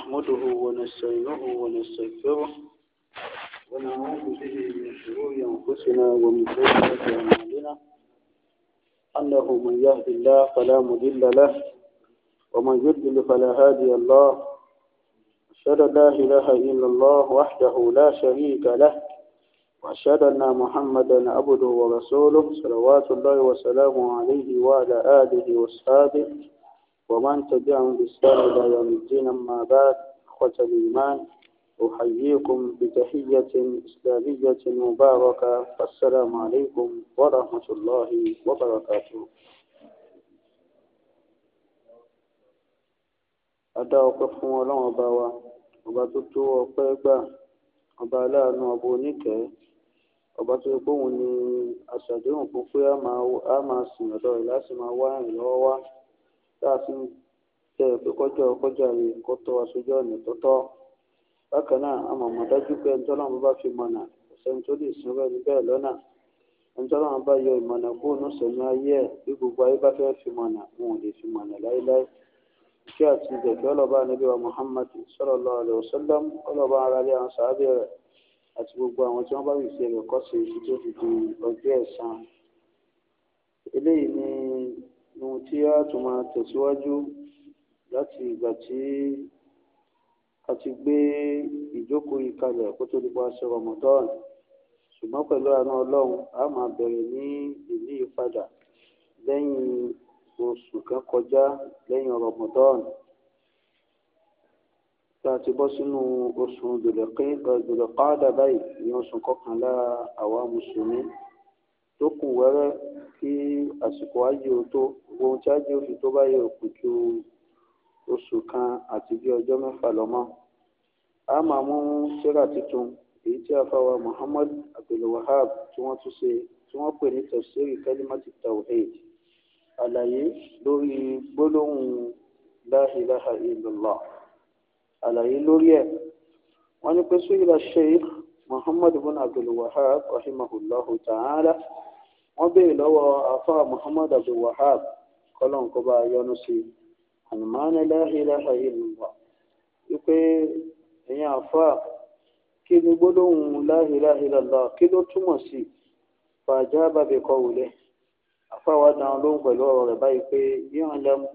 نحمده ونستعينه ونستغفره ونعوذ به من شرور أنفسنا ومن سيئات أعمالنا أنه من يهد الله فلا مضل له ومن يضلل فلا هادي الله أشهد أن لا إله إلا الله وحده لا شريك له وأشهد أن محمدا عبده ورسوله صلوات الله وسلامه عليه وعلى آله وصحبه ومن تبعهم بإسلام إلى يوم الدين أما بعد إخوة الإيمان أحييكم بتحية إسلامية مباركة والسلام عليكم ورحمة الله وبركاته adá ọpẹ́ fún Ọlọ́run ọba wa ọba tó tó ọpẹ́ gbà ọba aláàánú ọba oníkẹẹ ọba tó yẹ pé òun fún pé a máa sìn ọ̀dọ̀ rẹ̀ láti máa wá ìrànlọ́wọ́ wá tá a sì ń tẹ pé kọjá kọjá rẹ̀ kó tọ́ wa sójú ọ̀nà tó tọ́ bákan náà àmọ́ mọ̀ dájú pé ẹni tọ́lọ́mọ bá fi mọ̀nà ọ̀sẹ̀ni tó lè sin rẹ̀ níbẹ̀ lọ́nà ẹni tọ́lọ́mọ bá yọ ìmọ̀nà kóònù sẹ̀mí ayé ẹ̀ bí gbogbo ayé bá fẹ́ fi mọ̀nà wọn ò lè fi mọ̀nà láéláé kí àti ìjẹ̀kẹ́ ọlọ́ba níbi wa Muhammad sallallahu alaihi wasallam ọlọ́ba ara lé àwọn sàábẹ̀ rẹ̀ àti gbogbo àwọn tí wọ́n bá wìsí ẹ̀rẹ̀ kọ́ sí ibi tó fi di ọjọ́ ẹ̀san eléyìí ni ohun tí a tún máa tẹ̀síwájú láti ìgbà tí a ti gbé ìjókòó yìí kalẹ̀ kó tó nípa ṣe Ramadan ṣùgbọ́n pẹ̀lú àánú ọlọ́run a máa bẹ̀rẹ̀ ní ìlú ìpadà lẹ́yìn oṣù kan kọjá lẹ́yìn Ramadan tá a ti bọ́ sínú oṣù dòlẹ̀kọ́dà báyìí ní oṣù kọkànlá àwa mùsùlùmí tó kù wẹ́rẹ́ kí àsìkò ájì ó tó ohun tí ájì ó fi tó bá yẹ kù ju oṣù kan àti bí ọjọ́ mẹ́fà lọ́mọ́ a máa mú sẹ́rà tuntun èyí tí afáwa Muhammad Abdulwahab tí wọ́n tún ṣe tí wọ́n pè ní tafsiri kalimati tawhid àlàyé lórí gbólóhùn la ilaha illallah àlàyé lórí ẹ̀ wọ́n ní pé su'ila sheikh Muhammad bin Abdulwahab rahimahullahu ta'ala. wọ́n béèrè lọ́wọ́ afa muhammad abdulwahab kọ́lọ́nkọ́ba yọ́nú sí ànàmánà láhìláhà ìlúwà wípé ẹ̀yin afa kí ni gbólóhùn láhìláhà ìlàlá kí ló túmọ̀ sí fàájà bàbíkọ wùlẹ̀ afa wa dáhùn lóhùn pẹ̀lú ọ̀rọ̀ rẹ̀ báyìí pé yíyan lẹ́mu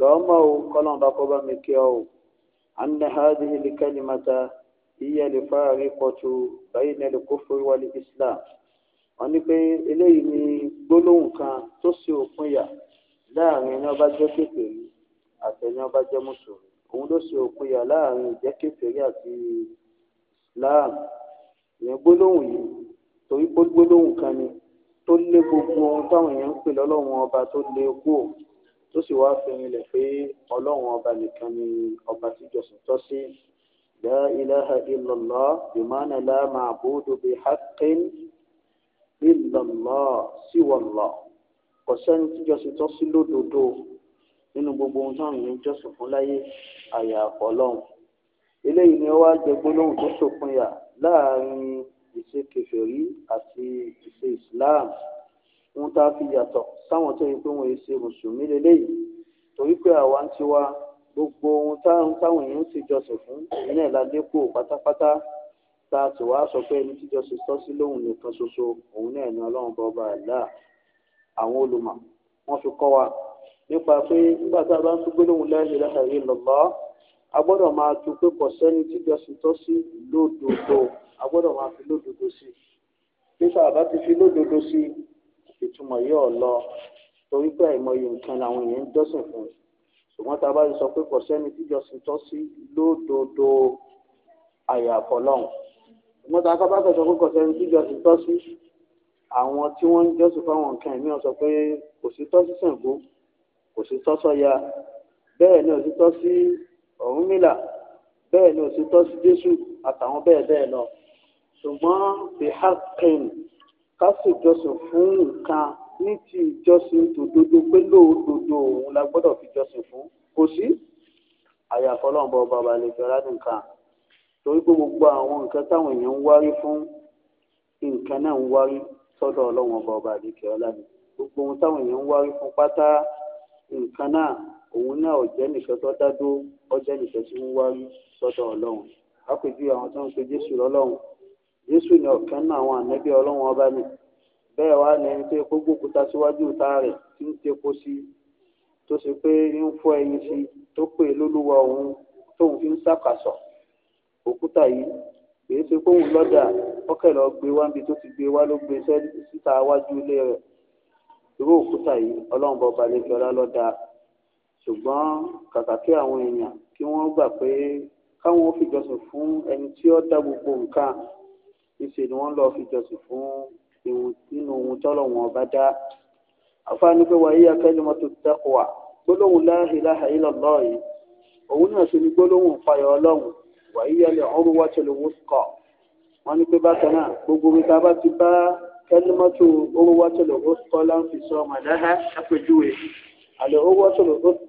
lọ́mọ́ o mi kí ọ o anna hiya al-fariqatu bayna al-kufri wal-islam wọ́n ní pé eléyìí ni gbólóhùn kan tó ṣe òpinya láàrin ẹni ọba jẹ́ kékeré àti ẹni ọba jẹ́ mùsùlùmí òun ló ṣe òpinya láàrin ìjẹ́ kékeré àti islam ìyẹn gbólóhùn yìí torí pé gbólóhùn kan ni tó lé gbogbo ohun táwọn èèyàn ń pè lọ́lọ́run ọba tó lé kú ò tó sì wáá fi rinlẹ̀ pé ọlọ́run ọba nìkan ni ọba tíjọsìn tọ́ sí. لا إله إلا الله بمعنى لا معبود بحق إلا الله سوى الله kò sẹ́ni tíjọ́sìn tó sí lódodo nínú gbogbo ohun táwọn èèyàn jọ́sìn fún láyé àyàfọ́ ọlọ́run eléyìí ni ó wá jẹ gbólóhùn tó ṣòpinya láàrin ìṣe kèfèrí àti ìṣe islam ohun tá a fi yàtọ̀ sáwọn tó yẹ pé wọn ṣe mùsùlùmí lélẹ́yìí torí pé àwa ń tiwa gbogbo ohun táwọn èèyàn sì jọsìn fún ìyẹn náà la dépò pátápátá tá a sì wá sọ pé ẹni tíjọsìn tọ́ sí lóhùn nìkan ṣoṣo òun náà ni ọlọ́run bọba àlá àwọn olùmọ̀ wọ́n fi kọ́ wa nípa pé nígbà tá a bá ń tún gbólóhùn la ilaha illallah a gbọ́dọ̀ máa tún pé kò sẹ́ni tíjọsìn tọ́ sí lódodo a gbọ́dọ̀ máa fi lódodo sí nípa àbá ti fi lódodo sí ìtumọ̀ yóò lọ torí pé àìmọye nǹkan làwọn èèyàn ń jọ́sìn fún un ṣùgbọ́n tá a bá sọ pé kò sẹ́ni tíjọsìn tọ́ sí lódodo àyàfọ́ lọ́hùn ṣùgbọ́n tá a bá sọ pé kò sẹ́ni tíjọsìn tọ́ sí àwọn tí wọ́n ń jọ́sìn fáwọn nǹkan ẹ̀mí ọ̀ sọ pé kò sí tọ́ sí Ṣàngó kò sí tọ́ sọ́ya bẹ́ẹ̀ ni ò sí tọ́ sí Ọ̀rúnmìlà bẹ́ẹ̀ ni ò sí tọ́ sí Jésù àtàwọn bẹ́ẹ̀ bẹ́ẹ̀ lọ ṣùgbọ́n bihaqqin ká sì jọ́sìn fún nǹkan ní ti ìjọsìn tòdodo pé lóòótòdó òun la gbọ́dọ̀ fi jọsìn fún kò sí àyàfọ́ ọlọ́run bá ọba balẹ̀ fi aládùn kan torí pé gbogbo àwọn nǹkan táwọn èèyàn ń wárí fún nǹkan náà ń wárí sọ́dọ̀ ọlọ́run ọba ọba àdìkẹ ọlànà gbogbo ohun táwọn èèyàn ń wárí fún pátá nǹkan náà òun náà ọjẹ nìkan tó dádó ọjẹ nìkan tí ń wárí sọ́dọ̀ ọlọ́run lápèjúwe àwọn tó ń pe jésù lọ́lọ́run jésù ni ọ̀kan náà àwọn ànẹ́bí ọlọ́run ọba nìkan bẹ́ẹ̀ wá ní ẹni tó yẹ kó gbókúta síwájú ìta rẹ̀ tí ń tepo sí i tó ṣe pé ń fọ́ ẹyin sí i tó pè lólúwa òun tóun fi ń ṣàkàsọ̀ òkúta yìí kìí ṣe kóun lọ́jà ọkẹ́ lọ gbé wá níbi tó ti gbé wá ló gbé síta wájú ilé rẹ̀ irú òkúta yìí ọlọ́run bọ́ balẹ̀ fi lọ́dà ṣùgbọ́n kàkà kí àwọn èèyàn kí wọ́n gbà pé káwọn ó fún ẹni tí ó dá gbogbo nǹkan ìṣe ni wọ́n lọ́ọ́ fi fún nínú ohun tọ́lọ̀ wọn bá dá àfáàní pé wàá yíya kẹ́lẹ́mọ́ tó tẹ́kọ̀ wá gbólóhùn la ilaha illallah yìí òun náà ṣe ni gbólóhùn fayọ̀ ọlọ́run wàá yíya lè ọrùn wá tó kọ̀ wọ́n ní pé bákan náà gbogbo mi ta bá ti bá kẹ́lẹ́mọ́ tó ọrùn wá tó kọ́ láǹfì sọ màdáhà ṣàpèjúwe àlè ọrùn wá tó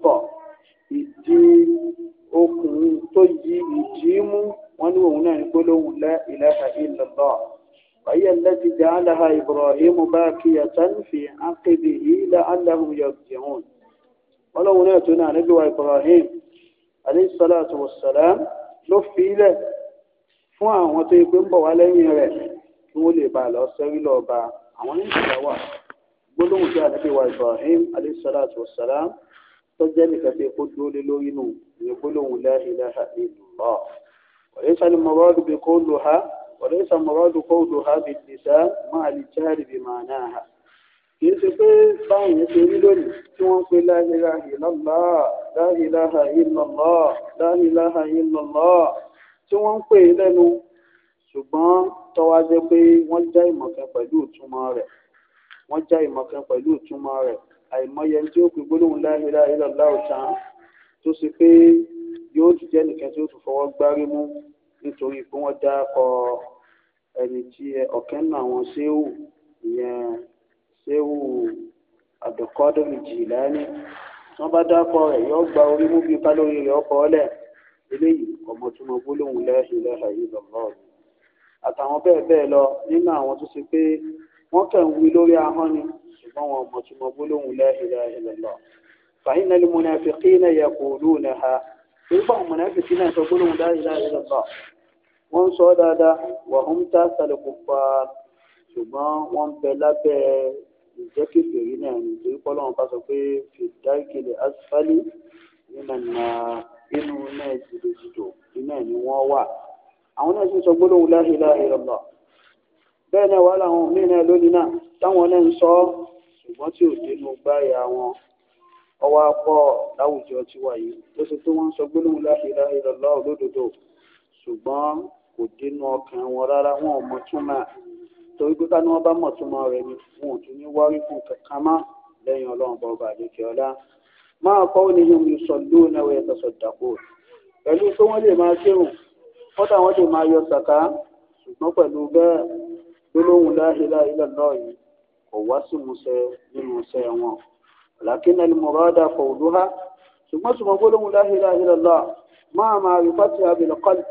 kọ̀ ìdí okùn tó yí ìdí mú wọ́n ní òun náà ní gbólóhùn la ilaha illallah وهي التي جعلها إبراهيم باقية في عقبه لعلهم يرجعون ولو ناتنا نبي إبراهيم عليه الصلاة والسلام ló fi ilẹ̀ fún àwọn tó yẹ pé ń bọ̀ wá lẹ́yìn rẹ̀ kí wọ́n lè bá a lọ sẹ́rí lọ́ọ́ bá àwọn oníṣẹ́ wà gbólóhùn tí ànábì wa Ibrahim aleyhisalatu wasalam tó jẹ́ nìkan tí epo dúró lórí nù ní gbólóhùn la ilaha illallah ọ̀rẹ́ sani mọ̀rọ́dù bí kò lò ha وليس مراد قولها باللسان مع الجهل بمعناها kìí ṣe pé báwọn yẹn ṣe rí lónìí tí wọ́n pe la ilaha illallah la ilaha illallah la ilaha illallah tí wọ́n ń pè é lẹ́nu ṣùgbọ́n tọ́wá jẹ́ pé wọ́n já ìmọ̀kan pẹ̀lú ìtumọ̀ rẹ̀ wọ́n já ìmọ̀kan pẹ̀lú ìtumọ̀ rẹ̀ àìmọye tí ó pe gbólóhùn la ilaha ọ̀tàn tó ṣe pé yóò tún jẹ́ nìkan tí ó tún fọwọ́ gbárí mú nítorí pé wọ́n dákọ ẹni tí ọ̀kẹ́ nù àwọn séwù ìyẹn séwù àdùkọ́dọ̀rì jìlání wọ́n bá dákọ rẹ̀ yóò gba orí mú bíi kálórì rẹ̀ ọkọ̀ ọ̀lẹ̀ eléyìí ọmọ tó mọ gbólóhùn lẹ́yìn lẹ́yìn lọ́wọ́ mi àtàwọn bẹ́ẹ̀ bẹ́ẹ̀ lọ nínú àwọn tó ṣe pé wọ́n kàn ń wí lórí ahọ́n ni ṣùgbọ́n wọn mọ̀ tó mọ gbólóhùn lẹ́yìn lẹ́yìn lọ́wọ́ nígbà mùnàfíkì náà sọ gbólóhùn la ilaha illallah wọ́n ń sọ ọ́ dáadáa wà ó ń ta sàlẹ̀kù pa ṣùgbọ́n wọ́n ń bẹ lábẹ́ ìjẹ́kẹ̀kẹ̀rí náà nítorí pọ́lọ́wọ́n bá sọ pé fìdákìlẹ̀ asfali nínú na inú náà jìdòjìdò iná ni wọ́n wà àwọn náà sì sọ gbólóhùn la ilaha illallah bẹ́ẹ̀ náà wà láwọn míì náà lónìí náà táwọn náà ń sọ ṣùgbọ́n tí ò dénú gbáyà wọn ọwọ́ apọ̀ láwùjọ ti wà yìí tó ṣe pé wọ́n ń sọ gbólóhùn la ilaha illallah olódodo ṣùgbọ́n kò dénú ọkàn wọn rárá wọn ò mọ̀túnmá torí pé táni wọ́n bá mọ̀túnmá rẹ̀ ni wọn ò tún ní wárí fún kankan mọ́ lẹ́yìn ọlọ́run bá ọba àdékè ọlá máa kọ́ ní yóò mi sọ lóòna wẹ̀ tọ̀sọ̀ dàpọ̀ pẹ̀lú pé wọ́n lè máa kírun kọ́tà wọ́n lè máa yọ sàká ṣùgbọ́n pẹ̀lú bẹ́ẹ̀ gbólóhùn la ilaha yìí kò wá sí musẹ nínú musẹ wọn lakin al-murada fawduha ṣùgbọ́n ṣùgbọ́n gbólóhùn la ilaha illallah máa máa rí fatiha bil qalb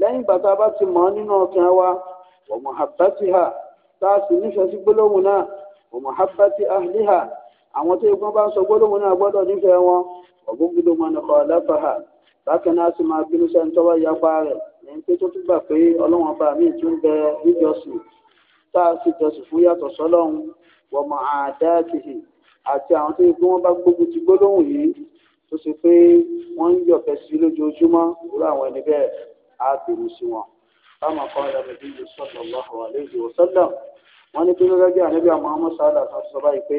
lẹ́yìn ìgbà tá a bá ti mọ̀ ọ́ nínú ọkàn wa wa muhabbatiha tá a sì nífẹ̀ẹ́ sí gbólóhùn náà wa muhabbati ahliha àwọn tó igun bá ń sọ gbólóhùn náà gbọ́dọ̀ nífẹ̀ẹ́ wọn ọ̀gbọ́ngbọ́dọ̀ man khalafaha bákan náà sì máa bínú sẹ́ni tọ́wọ́ yapa rẹ̀ lẹ́yìn pé tó tún gbà pé ọlọ́wọ́n bá mi tún bẹ níjọsìn tá a sì jọsìn fún yàtọ̀ sọ́lọ́run wa mu'adatihi àti àwọn tó yẹ kí wọ́n bá gbógun ti gbólóhùn yìí tó ṣe pé wọ́n ń yọ̀fẹ́ sí lójoojúmọ́ irú àwọn ẹni bẹ́ẹ̀ á bèrè sí wọn. táwọn akọ́ ẹ̀rọ ìdí yìí sọ̀tọ̀ lọ́kọ̀ àlejò sọ́dọ̀ wọ́n ní pé lọ́gá bí ànábì Muhammad sálà kan sọ báyìí pé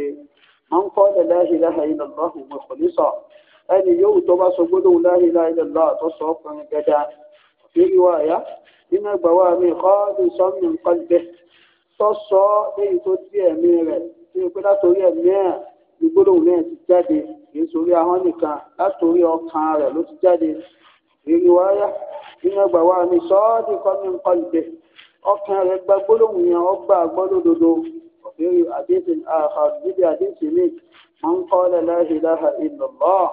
máa ń kọ́ ẹ̀ láhìláhà ilẹ̀ lọ́hùn mọ́ ìkọ̀lẹ́sọ̀ ẹni yóò tó bá sọ gbólóhùn láhìláhà ilẹ̀ lọ́hùn gbólóhùn náà ti jáde kì í sórí ahọ́n nìkan látòrí ọkàn rẹ̀ ló ti jáde èrè wáyà nínú ẹgbà wa ni sọ́ọ́dì kọ́ni ńkọ́ ìgbẹ́ ọkàn rẹ̀ gba gbólóhùn yẹn ó gbà gbọ́dọ̀dodo èrè àdéhùn àbíbí àdéhùn mi máa ń kọ́ ọ́lẹ̀ láìláha ìlọ̀lọ́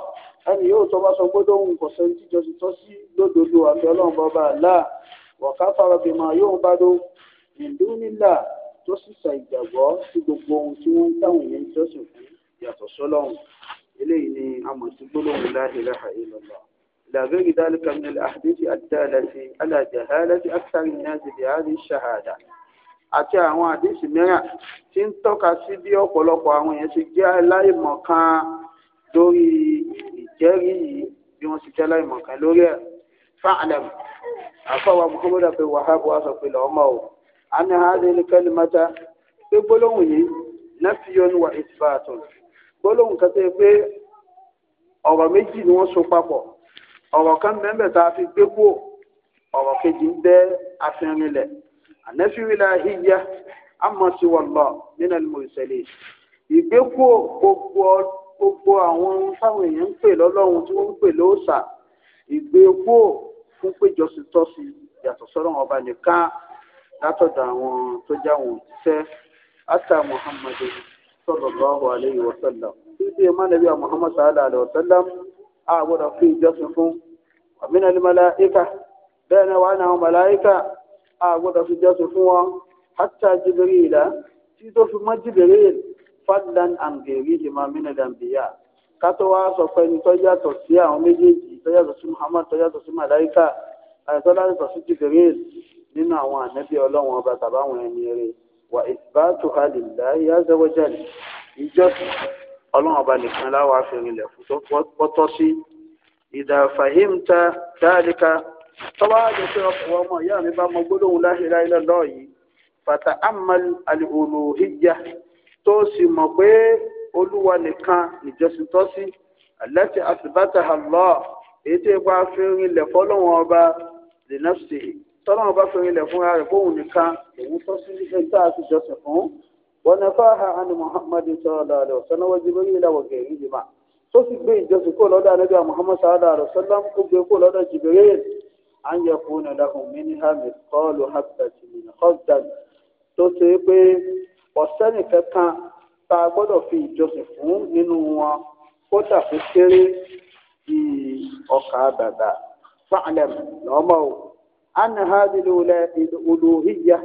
ẹni yóò tó bá sọ gbólóhùn kò sọ ní tíjọ tó sí lódodo àti ọlọ́run bọ́ba àlá wọ̀ká farabìmọ̀ yóò bá dó ìlú nílà tó sì ṣàìgbàgbọ́ sí gbogbo ohun tí wọ́n ń táwọn èèyàn jọ́sìn fún yàtọ̀ sọ́lọ́hún eléyìí ni àmọ̀ sí gbólóhùn la ilaha illallah ila ghairi dhalika min al-ahadith ad-dallati ala jahalati akthar an-nas bi hadhihi ash-shahada àti àwọn àdéhùn mìíràn tí ń tọ́ka sí bí ọ̀pọ̀lọpọ̀ àwọn èèyàn ti jẹ́ aláìmọ̀kan lórí ìjẹ́rìí yìí bí wọ́n ti jẹ́ aláìmọ̀kan lórí ẹ̀ fáàlẹ̀mù àfọwọ́ muhammadu abdul wahab wa pé lọ́mọ o àmì hàdé ní kẹ́límátà pé gbólóhùn yìí nàfíyọ́nù wà ìtìbáàtọ̀ gbólóhùn kan tó yẹ pé ọ̀rọ̀ méjì ni wọ́n so papọ̀ ọ̀rọ̀ kan mẹ́mẹ́ tá a fi gbé kúrò ọ̀rọ̀ kejì ń bẹ́ afẹ́rinlẹ̀ ànẹ́fíwìlà híyá amọ̀síwọ̀lọ̀ nínú ìmọ̀ọ́sẹ̀lẹ̀ ìgbé kúrò gbogbo àwọn táwọn èèyàn ń pè lọ́lọ́run tí wọ́n ń pè lóòṣà ìgbé kúrò fún péjọsìn tọ́sí yàtọ̀ sọ́dọ̀ ọba nìkan látọ̀dọ̀ àwọn tó jáwọn òṣìṣẹ́ ata muhammadu sallallahu alayhi wa sallam títí ẹ̀ má nàbí Muhammad sallallahu alayhi wa sallam a gbọ́dọ̀ fi ìjọsìn fún àmínà ní màláìka bẹ́ẹ̀ ni wàá náà màláìka a gbọ́dọ̀ fi ìjọsìn fún wọn hatta Jibrila tí tó fi mọ́ Jibril fadlan an ghayrihima min al-anbiya kátó wá sọ pé ní tọ́jàtọ̀ sí àwọn méjèèjì tọ́jàtọ̀ sí Muhammad tọ́jàtọ̀ sí màláìka àìsọ́lá tọ́jàtọ̀ sí Jibril nínú àwọn ànẹ́bí ọlọ́wọ́n ọba tàbáwọn ẹni eré wà ìbátò alìlá yá zẹwọjáde ìjọsìn ọlọ́run ọba nìkan láwa fìrìnlẹ̀ fún pọ́tọ́ sí ìdá fàhímta dáadéka tọ́wọ́ àjọ pé ọkùnrin ọmọ ìyá mi bá mọ gbólóhùn láhìlá ilẹ̀ lọ́ọ̀ yìí fàtà amal alìhòlòhíyà tó sì mọ̀ pé olúwa nìkan ìjọsìn tọ́ sí àlẹ́tì àtìbátà àlọ́ èyí tí ipa fìrìnlẹ̀ fọlọ́run ọba lè náà sèé tọ́lọ́run bá fẹ́ràn ilẹ̀ fúnra rẹ̀ fóun nìkan èyí tó sí ẹgbẹ́ àtijọ́sìn fún wọn ní fáhà àni muhammadu sallallahu alaihi wasallam jibril ìlàwọ̀ gẹ̀ẹ́rì jìmá tó sì gbé ìjọsìn kó lọ́dọ̀ anábíà muhammadu sallallahu alaihi gbé kó lọ́dọ̀ yẹ ní kọ́ọ̀lù tó ṣe é pé kankan tá a gbọ́dọ̀ fi ìjọsìn fún nínú wọn kó kéré bíi ọkà bàbà lọ́mọ́ o. anahadi lulẹ̀ olùhíyà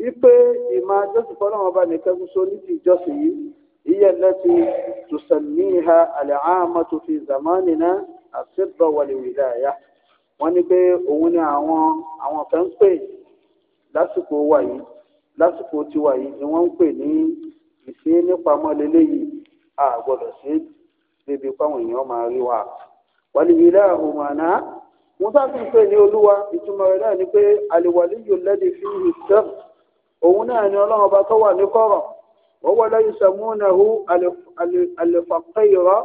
wípé ìmọ̀ àjọsìn fọlọ́mọ ọba nìkan ṣoṣo ní ti ìjọsìn yìí iye lẹ́tí tùsànníhà àlẹ́hàmọ́tò fi zamanina àṣìbọ̀ wàlíwìláyà wọ́n ní pé òun ni àwọn àwọn kan ń pè lásìkò wa yìí lásìkò tiwa yìí ni wọ́n ń pè ní ìṣe nípamọ́ lélẹ́yìí a gbọ́dọ̀ ṣe é débi èèyàn máa rí wa wàlíwìláyà òun àná musa sì ń pè ní olúwa ìtumọ̀ rẹ̀ náà ni pé àlèwàlí yóò lẹ́dí fi ìsẹ́m òun náà ni ọlọ́run ọba tó wà ní kọ̀rọ̀ wọ́n wọlé ìsẹ̀múnàhù àlèfàkẹ́yọ̀rọ̀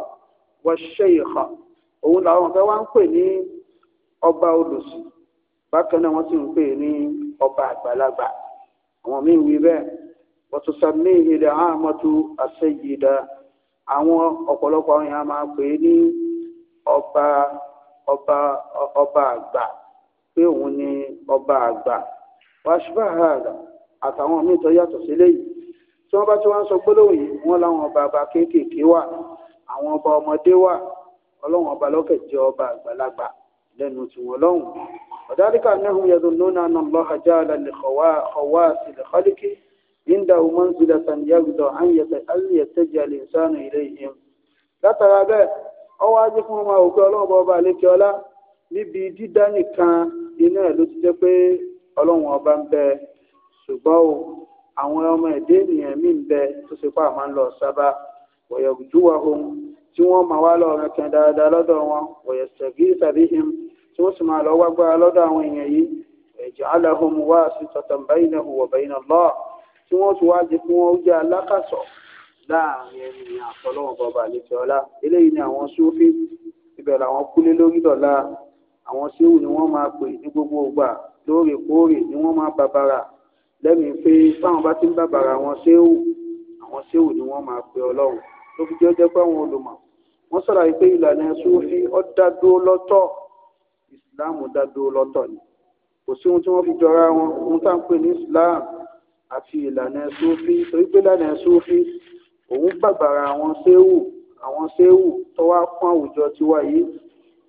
wọ̀ṣẹ́ ìhà òun làwọn kan wá ń pè ní ọba olùsìn bákan náà wọ́n sì ń pè ní ọba àgbàlagbà àwọn míì wí bẹ́ẹ̀ wọ́n tún sàmì ilẹ̀ àmọ́tú àṣẹyìdá àwọn ọ̀pọ̀lọpọ̀ àwọn èèyàn máa pè é ní ọba ọba ọba àgbà pé òun ni ọba àgbà wàṣíbà àrà àtàwọn míì tó yàtọ̀ sílé yìí tí wọ́n bá tí wọ́n ń sọ gbólóhùn yìí wọ́n láwọn ọba àgbà kéékèèké wà àwọn ọba ọmọdé wà ọlọ́wọ́n ọba lọ́kẹ̀ jẹ́ ọba àgbàlagbà lẹ́nu tiwọn lọ́hùn ọ̀dàdíkà náà yẹ̀dùn lónà náà lọ́ha jáàlá lè kọ̀wá sílẹ̀ kọ́líkì nígbà wọn ń zilẹ̀ sàn yàgùdọ̀ àyẹ̀tẹ̀ àyẹ̀tẹ̀ jẹ́ àlè ọwọ́ ajé fún ọmọ òkè ọlọ́run ọba àlejò ọlá níbi dídá nìkan iná ẹ̀ ló ti jẹ́ pé ọlọ́run ọba ń bẹ ṣùgbọ́n o àwọn ọmọ ẹ̀dẹ́ ènìyàn mí ń bẹ tó ṣe pé àmọ́ ń lọ sábà wọ̀yọ̀gùjúwà ohun tí wọ́n máa wá lọ rẹ̀kẹ̀ dáadáa lọ́dọ̀ wọn wọ̀yọ̀ sẹ̀gí tàbí him tí wọ́n sì máa lọ wágbára lọ́dọ̀ àwọn èèyàn yìí ẹ̀jẹ̀ aláhùn wá sí tọ̀tàn báyìí náà wọ̀ báyìí náà lọ́ọ̀ tí wọ́n ti wá di fún wọn jẹ́ alákàsọ̀ láàrin ẹni ìyàn àtọlọ́wọ́n bọba àlejò ọlá eléyìí ni àwọn sófì ibẹ̀ làwọn kúlé lórí dọ̀la àwọn síwù ni wọ́n máa pè ní gbogbo ògbà lóòrèkóòrè ni wọ́n máa bàbàrà lẹ́mìí pé báwọn bá ti ń bàbàrà àwọn síwù àwọn síwù ni wọ́n máa pè ọlọ́run ló fi jẹ́ pé àwọn olùmọ̀ wọ́n sọ̀rọ̀ yìí pé ìlànà sófì ó dádúró lọ́tọ̀ ìsìláàmù dádúró lọ́tọ̀ ni kò sí ohun tí wọ́n fi jọra wọn ohun tá à ń pè ní ìsìláàmù àti ìlànà sófì torí pé ìlànà sófì òun gbàgbàrà àwọn séwù àwọn séwù tó wá kún àwùjọ tiwa yìí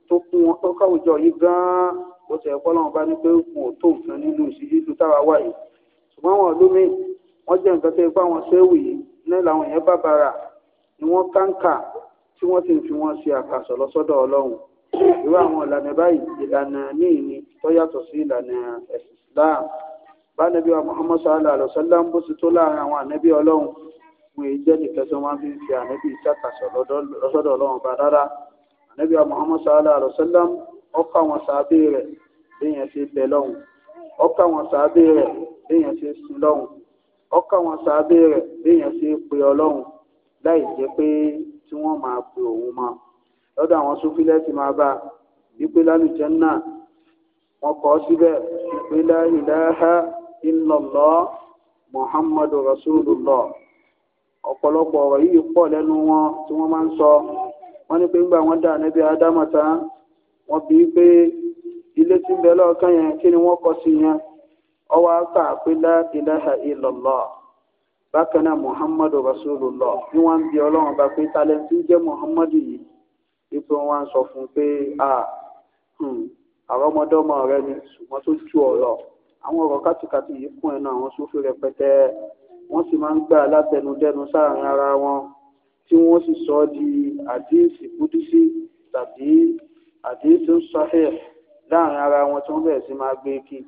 tó kún wọn tó kún àwùjọ yìí gan-an ó ti ẹ̀kọ́ lọ́wọ́ bá ní pé kò tó nǹkan nínú ìṣíjú táwa wà yìí ṣùgbọ́n àwọn ọdún míì wọ́n jẹ́ nǹkan tó ipá wọn séwù yìí ní làwọn èèyàn bàbàrà ni wọ́n káńkà tí wọ́n ti fi wọ́n ṣe àkàsọ̀ lọ́sọ́dọ̀ ọlọ́run irú àwọn ìlànà báyìí ìlànà míì ni tó yàtọ̀ sí ìlànà ẹ̀sìn Islam bá nàbí wa Muhammad sallallahu alayhi wa sallam bó ti tó láàrin àwọn ànábì ọlọ́run wọn èyí jẹ́ nìkan tí wọ́n fi ń fi ànábì ìṣàkàṣọ lọ́sọ̀dọ̀ ọlọ́run bá rárá ànábì Muhammad sallallahu alaihi wasallam ọkọ àwọn sàábé rẹ̀ léèyàn ti bẹ̀ lọ́hùn ọkọ àwọn sàábé rẹ̀ léèyàn ti sin lọ́hùn ọkọ àwọn ti pe láì jẹ́ pé tí wọ́n máa òun mọ́ lọ́dọ̀ àwọn ti máa bá wípé lálùjẹ́ náà wọ́n kọ́ síbẹ̀ wípé muhammadu ọ̀pọ̀lọpọ̀ ọ̀rọ̀ yìí pọ̀ lẹ́nu wọn tí wọ́n máa ń sọ wọ́n ní pé ńgbà wọ́n dà níbi ádámọ̀ tán wọ́n bí pé ilé tí ń bẹ lọ́ọ̀kan yẹn kí ni wọ́n kọ́ sí yẹn ọwọ́ àkà pé lá bákan náà muhammadu bí wọ́n ń bi ọlọ́run bá pé muhammadu yìí wọ́n sọ fún un pé àwọn ọmọdọ́mọ rẹ ni ṣùgbọ́n tó ju ọ̀rọ̀ àwọn ọ̀rọ̀ kátìkátì yìí fún náà wọ́n sì máa ń gbà látẹnudẹ́nu sáàrin ara wọn tí wọ́n sì sọ ọ́ di àdíìsì kúdísí tàbí àdíìsì sahih láàrin ara wọn tí wọ́n bẹ̀rẹ̀ sí máa gbé kí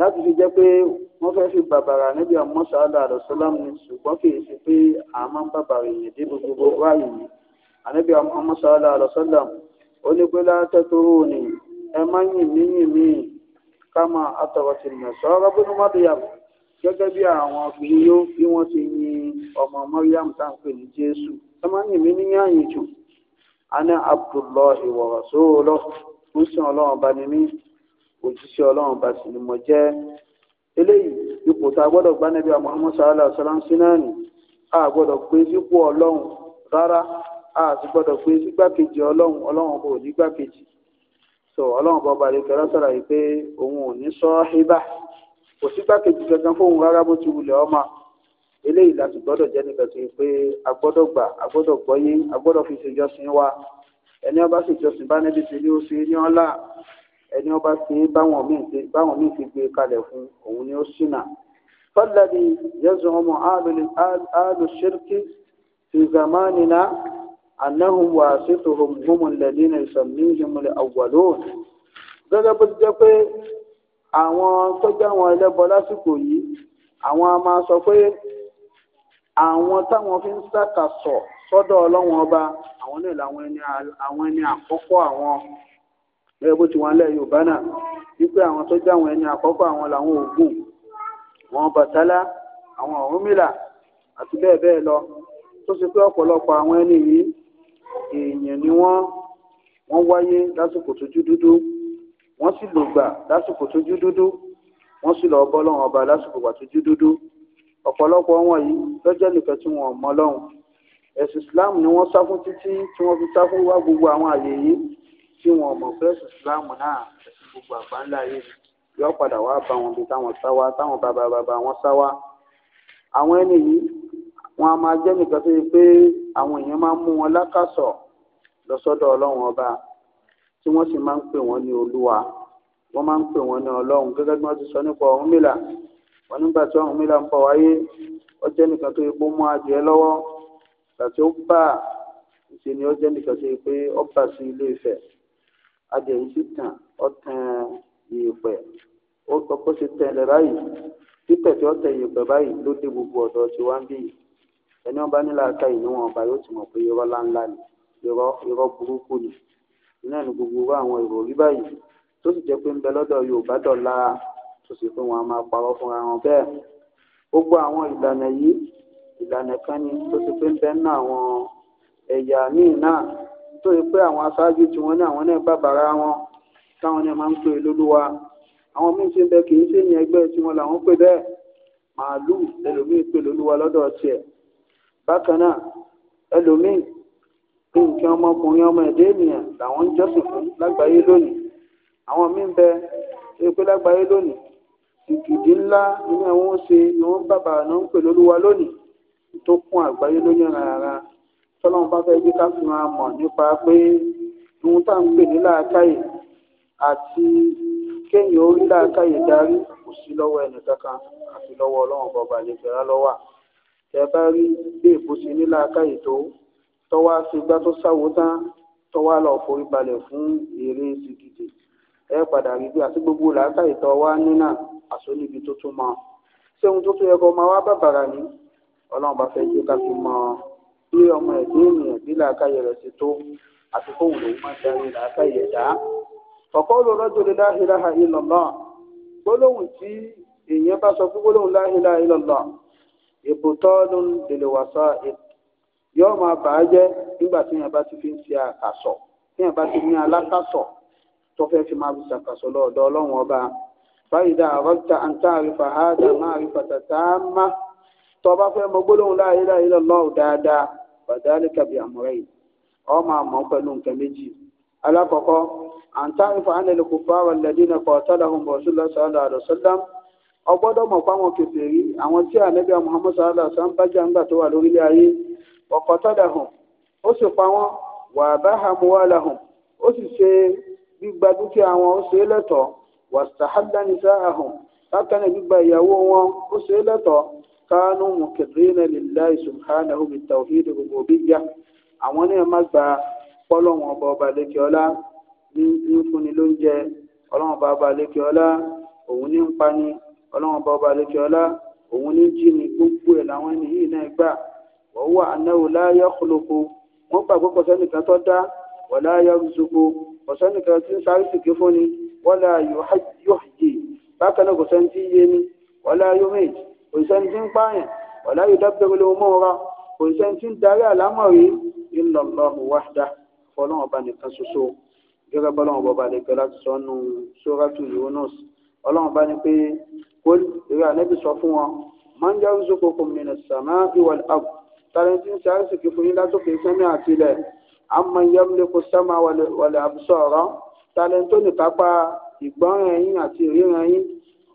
láti fi jẹ́ pé wọ́n fẹ́ fi bàbàrà níbi àmọ́sà aláàdọ̀sọ́lámù ni ṣùgbọ́n kì í ṣe pé à máa ń bàbàrà èèyàn dé gbogbo ráàyè yìí àníbi àmọ́sà aláàdọ̀sọ́lámù ó ní pé látẹ́tòrò ni ẹ má yìn mí yìn mí ká máa àtọ̀rọ̀ tìǹbù sọ́ọ́ rọ́bùnú mọ́bíyàmù gẹ́gẹ́ bí àwọn ọkùnrin yóò bí wọ́n ti yin ọmọ Maryam tá à ń pè ní Jésù sọmọ́nì mi ní yáàyìn jù ana Abdullahi wa rasuluhu kùsùn ọlọ́run bá ní mí òjíṣẹ́ ọlọ́run bá sì ni mo jẹ́ eléyìí ipò tá a gbọ́dọ̀ gbá níbi àwọn ọmọ sàálà ọ̀sán sínárì a gbọ́dọ̀ pé sípò ọlọ́run rárá a sì gbọ́dọ̀ pé sígbàkejì ọlọ́run ọlọ́run kò ní gbàkejì so ọlọ́run bọ́ balẹ̀ kẹlá sọ̀rọ̀ yìí pé òun ò ní sọ́ọ́híbà kò sígbàkejì kankan fóun rárá bó ti wulẹ̀ ọmọ eléyìí láti gbọ́dọ̀ jẹ́ nìkan tó yẹ pé a gbọ́dọ̀ gbà a gbọ́dọ̀ gbọ́yé a gbọ́dọ̀ fi ṣèjọsìn wa ẹni ọba ṣèjọsìn bá níbi tí ní ó ṣe ní ọlá ẹni ọba ṣe báwọn míì ti gbé e kalẹ̀ fún òun ni ó ṣìnà. fọ́lẹ́dì yẹ́sùn ọmọ áàlù ṣírkì fi zamanina anahun wa ṣètò homo lẹ́dínà ìsàmìlì àwọn gẹ́gẹ́ bó ti jẹ́ pé àwọn tó jẹ́ àwọn ẹlẹ́bọ lásìkò yìí àwọn a máa sọ pé àwọn táwọn fi ń sàkàsọ̀ sọ́dọ̀ ọlọ́wọ́n ọba àwọn náà làwọn ẹni àwọn ẹni àkọ́kọ́ àwọn ẹgbẹ́ bó ti wọn lẹ́ Yorùbá náà wípé àwọn tó jẹ́ àwọn ẹni àkọ́kọ́ àwọn làwọn Ògún àwọn Bàtálá àwọn Ọ̀rúnmìlà àti bẹ́ẹ̀ bẹ́ẹ̀ lọ tó ṣe pé ọ̀pọ̀lọpọ̀ àwọn ẹni yìí èèyàn ni wọ́n wọ́n wáyé lásìkò tójú dúdú wọ́n sì lò gbà lásìkò tójú dúdú wọ́n sì lọ bọ́ lọ́wọ́n ọba lásìkò wà tójú dúdú ọ̀pọ̀lọpọ̀ wọn yìí lọ́jọ́ nìkan tí wọ́n mọ lọ́hùn ẹ̀sìn Islam ni wọ́n sá fún títí tí wọ́n fi sá fún wá gbogbo àwọn àyè yìí tí wọ́n mọ̀ pé ẹ̀sìn Islam náà ẹ̀sìn gbogbo àgbáńlá yìí yọ padà wá bá wọn bí táwọn sá wá táwọn bàbá bàbá wọn sá wá àwọn ẹni yìí wọn a máa jẹ́ nìkan tó yẹ pé àwọn èèyàn máa ń mú wọn lákàsọ̀ lọ Ọlọ́run ọba tí wọ́n sì máa ń pè wọ́n ní olúwa wọ́n máa ń pè wọ́n ní ọlọ́run gẹ́gẹ́ bí wọ́n ti sọ nípa Ọ̀rúnmìlà wọ́n nígbà tí Ọ̀rúnmìlà ń bọ̀ wáyé ó jẹ́ nìkan tó yẹ kó mú adìẹ lọ́wọ́ ìgbà ó bà ṣe ni ó jẹ́ nìkan tó yẹ pé ó bà sí ilé Ifẹ̀ adìẹ yìí sì tàn ó tàn ìyẹ̀pẹ̀ ó kọ́kọ́ ṣe tẹ̀lé báyìí títẹ̀ tí ó tẹ̀ ìyẹ̀pẹ̀ báyìí ló dé gbogbo ọ̀dọ̀ tí wá ń bí ẹni ọba nílà aka ìníwọ̀n ọba yóò ti mọ̀ pé irọ́ láńlá ni irọ́ irọ́ burúkú ni iná ní gbogbo wa àwọn ìròrí báyìí tó sì jẹ́ pé ń bẹ lọ́dọ̀ Yorùbá dọ̀la tó sì pé wọn a máa parọ́ fúnra wọn bẹ́ẹ̀ gbogbo àwọn ìlànà yìí ìlànà kan ni tó ti pé ń bẹ nínú àwọn ẹ̀yà míì náà tó yẹ pé àwọn aṣáájú tí wọ́n ní àwọn náà bàbára wọn táwọn náà máa ń pè lólúwa àwọn míì ṣe ń bẹ kì í ṣe ìyẹn ẹgbẹ́ tí wọ́n làwọn pè bẹ́ẹ̀ màálù ẹlòmíì pè lólúwa lọ́dọ̀ tiẹ̀ bákan náà ẹlòmíì nǹkan ọmọkùnrin ọmọ ẹ̀dá ènìyàn làwọn ń jọ́sìn fún lágbàáyé lónìí àwọn míín bẹ ṣe lágbàáyé lónìí ìkìdí ńlá ni àwọn ń ṣe ni wọ́n bàbà àná ń pè lólúwa lónìí tó kún àgbáyé lóyún rárá tọ́lọ́run bá fẹ́ gbé ká fi máa mọ̀ nípa pé ohun tá à ń pè ní làákàyè àti kéèyàn orí làákàyè darí kò sí lọ́wọ́ ẹnìkankan àti lọ́wọ́ ọlọ́run bọba àlejò rárá lọ́wọ́ tẹ bá rí bí èbó ṣe ní làákàyè tó tọ́wọ́ aṣègbà tó ṣàwò tán tọ́wọ́ àlọ́ forí balẹ̀ fún eré sìkìtì ẹ padà rí bí àti gbogbo làákà ìtọ́ wa nínà àsọníbi tó tún mọ ṣé ohun tó tún yẹ kó máa wá bàbàrà ni ọlọ́run bá fẹ́ jẹ́ ká fi mọ bí ọmọ ẹ̀dín ènìyàn bí làákà yẹrẹ ti tó àti kóhùn lòún máa darí làákà yẹ̀dá ọ̀kọ́ ló rọ́jò lè la ilaha illallah gbólóhùn tí èèyàn bá sọ fún gbólóhùn la ilaha illallah ìbùtọ́ ló ń dèlè wàsá ìt yóò máa bà jẹ jẹ́ nígbà tí yẹn bá ti fi ń ṣe àkàsọ tí yẹn bá ti ní alákàsọ tó fẹ́ fi máa fi ṣàkàsọ lọ́dọ̀ ọlọ́run ọba fàyídà àwọ̀tà àǹtà áádà máa rí pàtàkì àmà tó bá fẹ́ mọ gbólóhùn la ilaha illallah dáadáa ọ máa mọ̀ pẹ̀lú nǹkan méjì alákọ̀ọ́kọ́ àǹtà àrífà kò kọ́ ọ̀kọ̀tọ́dà hàn ó sì pa wọ́n wà bá hamuwala hàn ó sì ṣe gbígba dúkìá wọn ó ṣe é lẹ́tọ̀ọ́ wà sàhádánisa hàn bákannáà gbígba ìyàwó wọn ó ṣe é lẹ́tọ̀ọ́ kánú mùkìrínà lillahi subhanahu bi tawhid rububiyya àwọn náà má gba pọ́lọ́wọ́n ọba ọba lẹ́kẹ́ ọlá ní ń fúnni lóúnjẹ ọba ọba lẹ́kẹ́ ọlá òun ní ń pani ọlọ́wọ́n ọba ọba lẹ́kẹ́ ọlá òun ní jí ni gbogbo ẹ̀ làwọn ẹni yìí náà gbà wọ́n wà anáwó láyọ̀ kólókó wọ́n gbàgbọ́ kò sẹ́nìkan tó dá wọ́n láyọ̀ rúzukó kò sẹ́nìkan tí ń sáré sìkè fúnni wọ́n láyọ̀ yọ̀hìjì bákan náà kò sẹ́ni tí yé ni wọ́n láyọ̀ méjì kò tí ń pààyàn wọ́n láyọ̀ dábẹ́rẹ́ mọ́ra kò tí ń darí àlámọ̀rí illallahu wahda fọlọ́wọ́n ọba nìkan ṣoṣo tàrẹ́ntì ń ṣe àrísìkí fún yín látòkè sẹ́mi àti ilẹ̀ àmọ́ yẹ́múlẹ́kù sẹ́mà wọlé àbùsọ̀rọ̀ tàrẹ́ntì ní kápá ìgbọ́nràn yín àti ìríran yín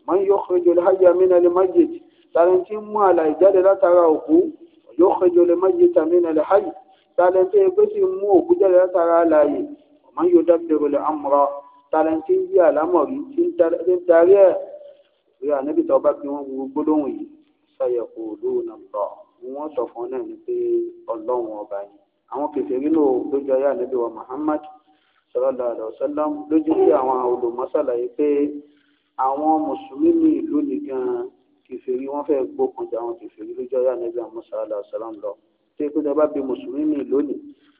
mọ́ yóò kéjọ lẹ́hàjì àmínà lè májèjì tàrẹ́ntì mú àlàyé jáde látara òkú yóò kéjọ lè májèjì àmínà lè hàjì tàrẹ́ntì ẹgbẹ́ sì mú òkú jáde látara àlàyé mọ́ la tara lè Man tàrẹ́ntì ń yí àlámọ̀rí tí ń darí ẹ̀ rí ànábìtà ọba bí wọ́n gbogbo lóhùn yìí sọ yẹ kó lóhùn náà lọ́ọ̀ wọ́n sọ fún náà ni pé ọlọ́run ọba ni àwọn kèfèrí lò lójú ayé ànábì wa Muhammad sallallahu alaihi wasallam lójú sí àwọn olùmọ́sàlàyé pé àwọn mùsùlùmí ní ìlú nìkan kèfèrí wọ́n fẹ́ gbókun jà àwọn kèfèrí lójú ayé ànábì wa Musa sallallahu alaihi wasallam lọ ṣé pé tẹ bá bí mùsùlùmí ní ìlú ni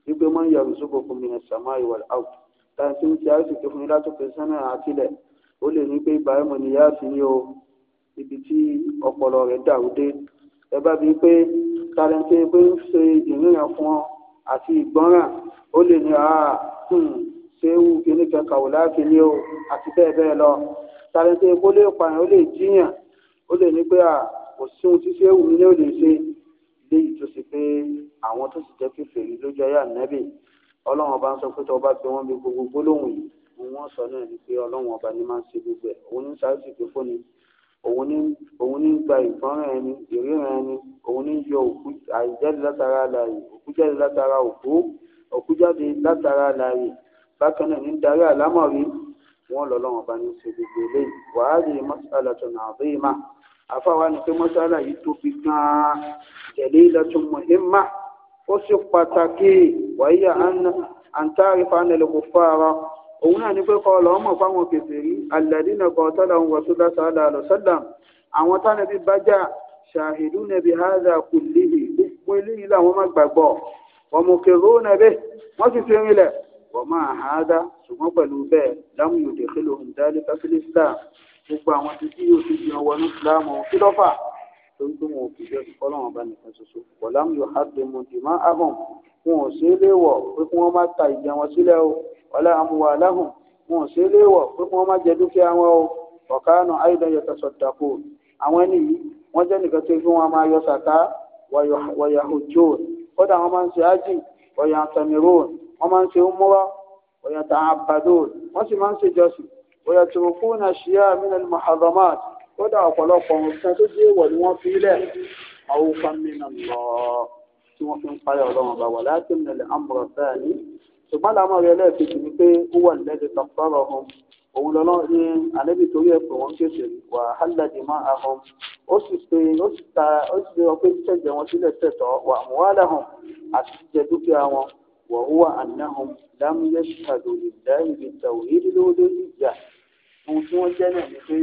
wípé wọ́n ń yàrá sóko fún mi ní samai wal out táyà tí ń ti àìsàn tó fún mi látòkè sánà àtìlẹ̀ ó lè ní pé ibrahim ni yáàfin ni o ibi tí ọpọlọ rẹ̀ dàrú dé ẹ bá bíi pé tàlẹ́ǹtì pé ń ṣe ìníyàn fún ọ àti ìgbọ́ràn ó lè ní àá hmm, ṣéwù kìíní kẹkà ò láàkìíní o àti bẹ́ẹ̀ bẹ́ẹ̀ lọ tàlẹ́ǹtì pé ó lè pààyàn ó lè jíyàn ó lè ní pé à kò sí ohun tí ṣéwù mi ní ò lè ṣe léyìí tó ṣe pé àwọn tó sì jẹ́ kèfèrí lójú ayé ànẹ́bì ọlọ́run ọba ń sọ pé tó ọba gbé wọn bí gbogbo gbólóhùn yìí wọ́n sọ náà ni pé ọlọ́run ọba ni máa ń ṣe gbogbo ẹ̀ òun ní sáà sì pé fóni òun ní gba ìfọ́nrán ẹni ìríran ẹni òun ní yọ òkú àìjáde látara láàyè òkú jáde látara òkú òkú jáde látara láàyè bákan náà ní darí àlámọ̀rí wọn lọ́lọ́wọ́n bá ní ṣe gbogbo eléyìí wàhálì mọ́sálà tó nà àbẹ́ ìmá àfáwa ni pé mọ́sálà yìí tóbi gan-an tẹ̀lé ìlọ́tún mọ̀hímà ó sì pàtàkì wàyí àǹtárìfà nílùú kò fára òun náà ní pé kọ́ ọ lọ́ọ́ mọ̀ fáwọn kèfèrí alladina qatalahum rasulullah sallallahu alaihi wasallam àwọn tánàbí bájà shahiduna bi hadha kullihi gbogbo eléyìí làwọn má gbàgbọ́ wa muqirruna bihi wọ́n sì fi rinlẹ̀ wa ma hadha ṣùgbọ́n pẹ̀lú bẹ́ẹ̀ lam yudkhiluhum dhalika fil islam gbogbo àwọn títí yóò fi jẹun wọnú islam kí tó ń gbóhùn òbí bẹ́ẹ̀ kọ́lọ́wọ́n bá nìkan ṣoṣo wọ̀lá mi ò há dé mu dì má áhùn wọn ò ṣe é léwọ̀ pé kí wọ́n má ta ìjẹ wọn sílẹ̀ o wọlé amúwa aláhùn wọn ò ṣe é léwọ̀ pé kí wọ́n má jẹ dúkìá wọn o ọ̀kánù àìdán yẹ tẹ̀sọ̀ àwọn ẹni yìí wọ́n jẹ́ nìkan tó fi wọn máa yọ sàká wọ̀yàhù kódà wọ́n máa ń ṣe ájì wọ̀yà wọ́n máa ń ṣe múra wọ̀yà wọ́n sì máa ń ṣe jọ́sìn wọ̀yà tìrùkú náà ṣíyá kódà ọ̀pọ̀lọpọ̀ nǹkan tó jẹ́ èèwọ̀ ni wọ́n fi lẹ̀ àwòfà mìíràn lọ tí wọ́n fi ń parí ọlọ́run ọba wà láti mẹ́lẹ̀ àmọ̀ràn bẹ́ẹ̀ ni ṣùgbọ́n làwọn ọ̀rẹ́ ẹlẹ́ẹ̀kejì ni pé ó wà lẹ́dẹ̀ tọ́kọ́rọ̀ hàn òun lọ́nà ní àlẹ́bí torí ẹ̀pọ̀ wọn kéṣe wàhálà dì máa ahọ́n ó sì pe ó sì ta ó sì pe ọpẹ́ tẹ̀jẹ̀ wọn sílẹ̀ tẹ̀tọ̀ wà wàhálà hàn àti jẹ dúkìá wọn wọ̀húwà ànáhùn lámúyẹ́sì àdòlè lẹ́yìn ìtàwé lórí ìjà ohun tí wọ́n jẹ́ náà ni pé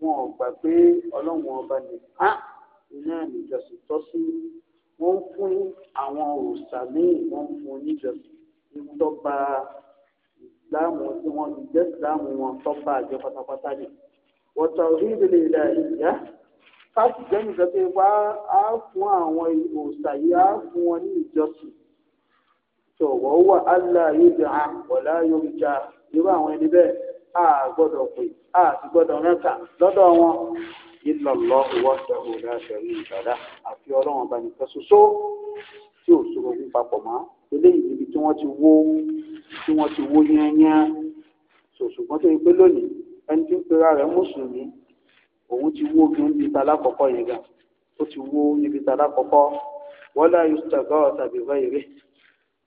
wọn ò gbà pé ọlọ́run ọba nìkan iná ìjọsìn tọ́ sí wọ́n ń fún àwọn òòṣà míì wọ́n ń fún oníjọsìn ìtọ́ba ìsìláàmù tí wọ́n ti jẹ́ ìsìláàmù wọn tọ́ba àjọ pátápátá ni wọ́n tọ́ orí ìdílé ilẹ̀ ìyá káàsì jẹ́ nìkan pé wá á fún àwọn òòṣà yìí á fún wọn ní ìjọsìn tọ̀wọ́ wà á là yóò dà wọ́lá yóò jà irú àwọn ẹni bẹ́ẹ̀ a gbọ́dọ̀ pè a sì gbọ́dọ̀ rántà lọ́dọ̀ wọn ìlọlọ ìwọsẹwò láṣẹrí ìbàdà àti Ọlọ́run ọba nìkan ṣoṣo tí ò sọ̀rọ̀ ogun papọ̀ mọ́ eléyìí níbi tí wọ́n ti wó tí wọ́n ti wó yányán ṣùgbọ́n tó yẹ pé lónìí ẹni tí ń pera rẹ̀ mùsùlùmí òun ti wó kí n ti ta lákọ̀ọ́kọ́ yẹn gan ó ti wó níbi ta lákọ̀ọ́kọ́ wọ́n láyé ṣùgbọ́n ọ̀tàbí wáyé rẹ̀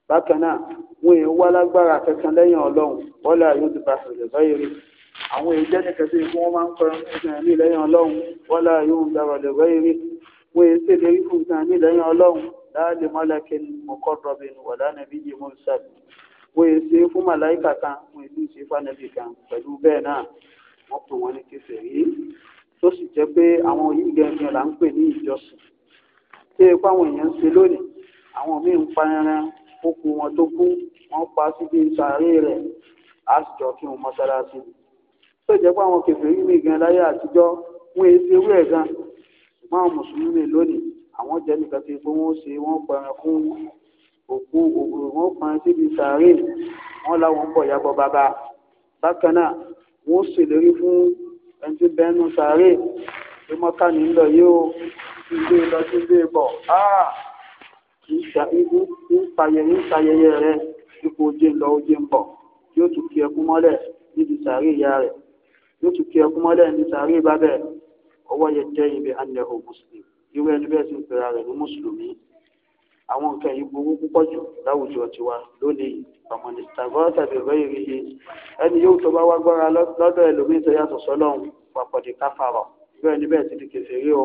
bákan náà wọn èèyàn wá lágbára kankan lẹ́yìn ọlọ́run wọ́n lè àyùn ti bàtà lè báyìí rí àwọn èèyàn nìkan sí ikú wọn máa ń pẹ́ nǹkan ní lẹ́yìn ọlọ́run wọ́n lè àyùn ti bàtà lè báyìí wọn èèyàn sì rí fún nǹkan ní lẹ́yìn ọlọ́run láàlè mọ́lẹ́kẹ́ mọ́kọ́ rọ̀bìn wọ̀lá nàbí yìí mọ́ sábì wọn èèyàn sì fún màláìkà kan wọn èèyàn sì fànàbì kan pẹ̀lú bẹ́ẹ̀ náà wọ́n pè wọ́n ní kẹsẹ̀ yìí tó sì jẹ́ pé àwọn yìí gẹ́gẹ́ là ń pè ní ìjọsìn tí ipá àwọn èèyàn ń ṣe lónìí àwọn míì ń pa ẹran okùn wọn tó kú wọn pa síbi sàárè rẹ̀ á sì jọ kí wọn mọ́sálásí tó jẹ́ pé àwọn kèfèrí mi gan láyé àtijọ́ wọn èsì ewé ẹ̀ gan ṣùgbọ́n àwọn mùsùlùmí lónìí àwọn jẹ́ nìkan ti pé wọ́n ṣe wọ́n pẹ̀rẹ̀ fún òkú òkúrò wọ́n pẹ̀rẹ̀ síbi sàárè wọ́n láwọn ń bọ̀ yàgbọ́ bàbá bákan náà wọ́n ṣèlérí fún ẹni tí bẹ́ẹ̀nu sàárè pé mọ́kànnì ń lọ yìí ó ilé e lọ sí ilé bọ̀ ah! ń ṣayẹyẹ rẹ ipò oje lọ oje ń bọ̀ yóò tún kí ẹkún mọ́lẹ̀ níbi sàárè ìyá rẹ̀ yóò tún kí ẹkún mọ́lẹ̀ níbi sàárè bàbẹ̀ ọwọ́ yẹ jẹ́ ibi anẹ́hò mùsùlùmí irú ẹni bẹ́ẹ̀ sì ń pera rẹ̀ ní mùsùlùmí àwọn nǹkan yìí burú púpọ̀ jù láwùjọ tiwa lónìí ọmọnìta gbọ́dọ̀ tàbí rẹ́ ìrírí ẹni yóò tó bá wá gbọ́ra lọ́dọ̀ ẹlòmíín tó yàtọ̀ sọ́lọ́run pàpọ̀dé káfàrọ̀ irú ẹni bẹ́ẹ̀ sì ti kẹfẹ́ rí o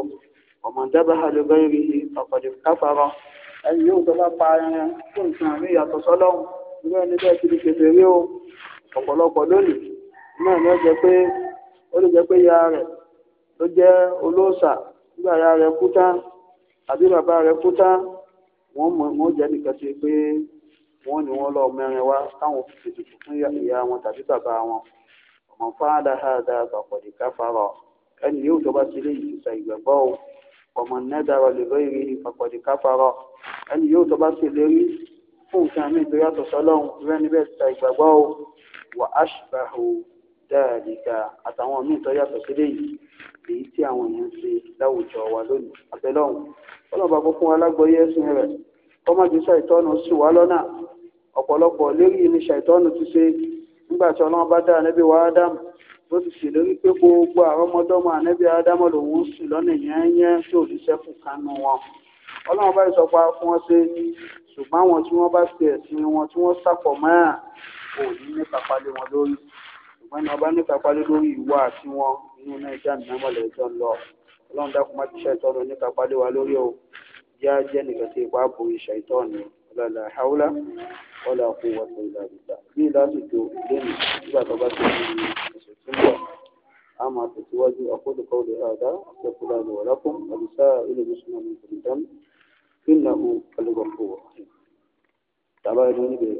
ọmọ dábàá lè rẹ́ ìrírí pàpọ̀dé káfàrọ̀ ẹni yóò tó bá pa ẹran tó nǹkan àmì ìyàtọ̀ sọ́lọ́hún irú ẹni bẹ́ẹ̀ ti di kété rí o ọ̀pọ̀lọpọ̀ lónìí náà ni ó jẹ pé ó lè jẹ pé ya rẹ̀ ló jẹ́ olóòṣà nígbà ya rẹ̀ kú tán àbí bàbá rẹ̀ kú tán wọ́n mọ̀ jẹ́ nìkan ṣe pé wọ́n ní wọ́n lọ mẹ́rin wá táwọn fi tètè fún ìyá wọn tàbí bàbá wọn ọmọ fáadà ha dáa gbàpọ̀dé káfárọ̀ ẹni yóò tó bá ti lè yìí sa ìgbàgbọ́ o ọmọ nẹ́dàrọ̀ lèrò ìrìn ìpàkọ̀dé káfàrọ̀ ẹni yóò tó bá sì lérí fún nǹkan mi tó yàtọ̀ sọ́lọ́run rẹ́ níbẹ̀ ta ìgbàgbọ́ o wà á ṣùgbàhù dáadìka àtàwọn míì tó yàtọ̀ sílé yìí èyí tí àwọn èèyàn ṣe láwùjọ wa lónìí abẹ́lọ́hùn ọlọ́ba kó fún wa lágbọ́yé ẹ̀sìn rẹ̀ kọ́mọ́jú ṣàìtọ́nù sì wá lọ́nà ọ̀pọ̀lọpọ̀ lérí ni ṣàìtọ́nù ti ṣe nígbà tí ọlọ́run bá dá níbi wàá dáàmù tó ti ṣèlérí pé gbogbo àwọn ọmọdọ́mọ ànẹ́bí adámọ́ lòun ń sùn lọ́nà yẹ́nyẹ́ tí ò ní sẹ́kù kánú wọn ọlọ́run bá sọ a fún wọn ṣe ṣùgbọ́n àwọn tí wọ́n bá ṣe ẹ̀sìn wọn tí wọ́n sàpọ̀ mọ́ à kò ní ní papalẹ̀ wọn lórí ṣùgbọ́n ní ọba ní papalẹ̀ lórí ìwà àti wọn inú náà ìjà mìíràn mọ̀lẹ́ ìjọ ń lọ ọlọ́run dákun má ti ṣe ìtọ́nu ní papalẹ̀ wa lórí o yá jẹ́ nìkan tí ipa bo ìṣe ìtọ́nu ọ̀làlà haúlá ọ̀là kó wọ́n tó ìlà ìgbà bí ìlà sì tó ìlénì nígbà tó bá tó ìlú oṣù tí ń bọ̀ a máa tẹ̀síwájú akólùkọ́ olè àdá ọ̀pẹ̀kúlá ni wà lákùn àdìsá ilé mùsùlùmí ní ìdám kí nàá kàlùkọ̀ fò wọ̀ tàbá ẹni níbẹ̀.